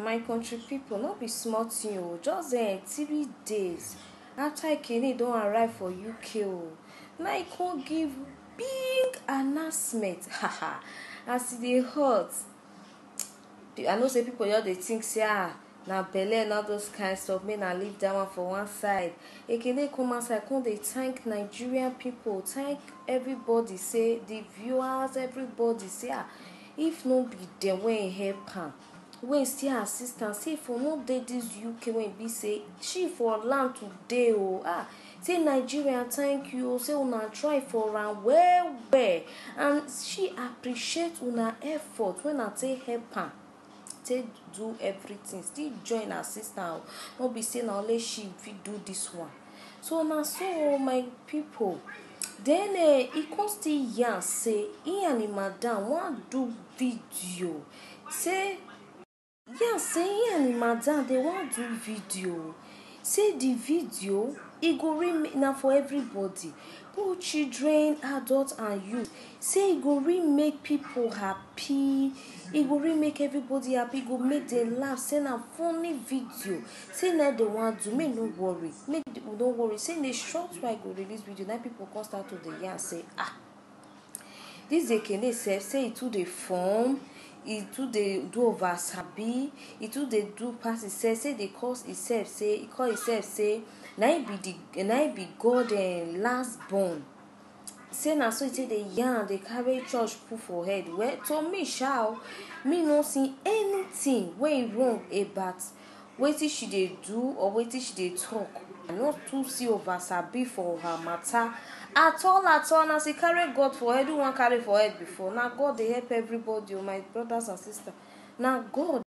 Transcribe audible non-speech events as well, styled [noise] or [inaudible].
my country people, no be small tin o oh. just um three days after ekene don arrive for uk o oh. na e come give big announcement [laughs] as e dey hot i know say people just dey think say ah na belle and all those kind stuff make na leave that one for one side ekene come outside come dey thank nigerian people, thank everybody say the viewers everybody say ah if no be dem wey help am wey still her sister say for no dey dis uk wey e be say she for land today o ah say nigeria thank you o say una try for am well well and she appreciate una effort wey una take help am take do everything still join her sister o no be say na only she fit do this one so na so o my pipo then eh, e come still yarn say he and im madam wan do video say Yeah, saying and madam, they want do video. Say the video, it e go remain now for everybody. Both children, adults, and youth. Say it e go really make people happy. It e go really make everybody happy. It go make them laugh. Send a funny video. Say now they want to, Make no worry. Make don't worry. Say in a short while go release video. Now people come start to the yarn say ah. This they can they say say it to the form e too dey do over sabi e too dey do pass himself say dey call himself say e call himself say na him be the na him be god um, last born say na so e take dey yarn dey carry church put for head well to me sha me no see anything wey wrong about wetin she dey do or wetin she dey talk I no too see over sabi for her matter at all at all na she carry God for head who wan carry for head before na God dey help everybody o oh, my brothers and sisters na God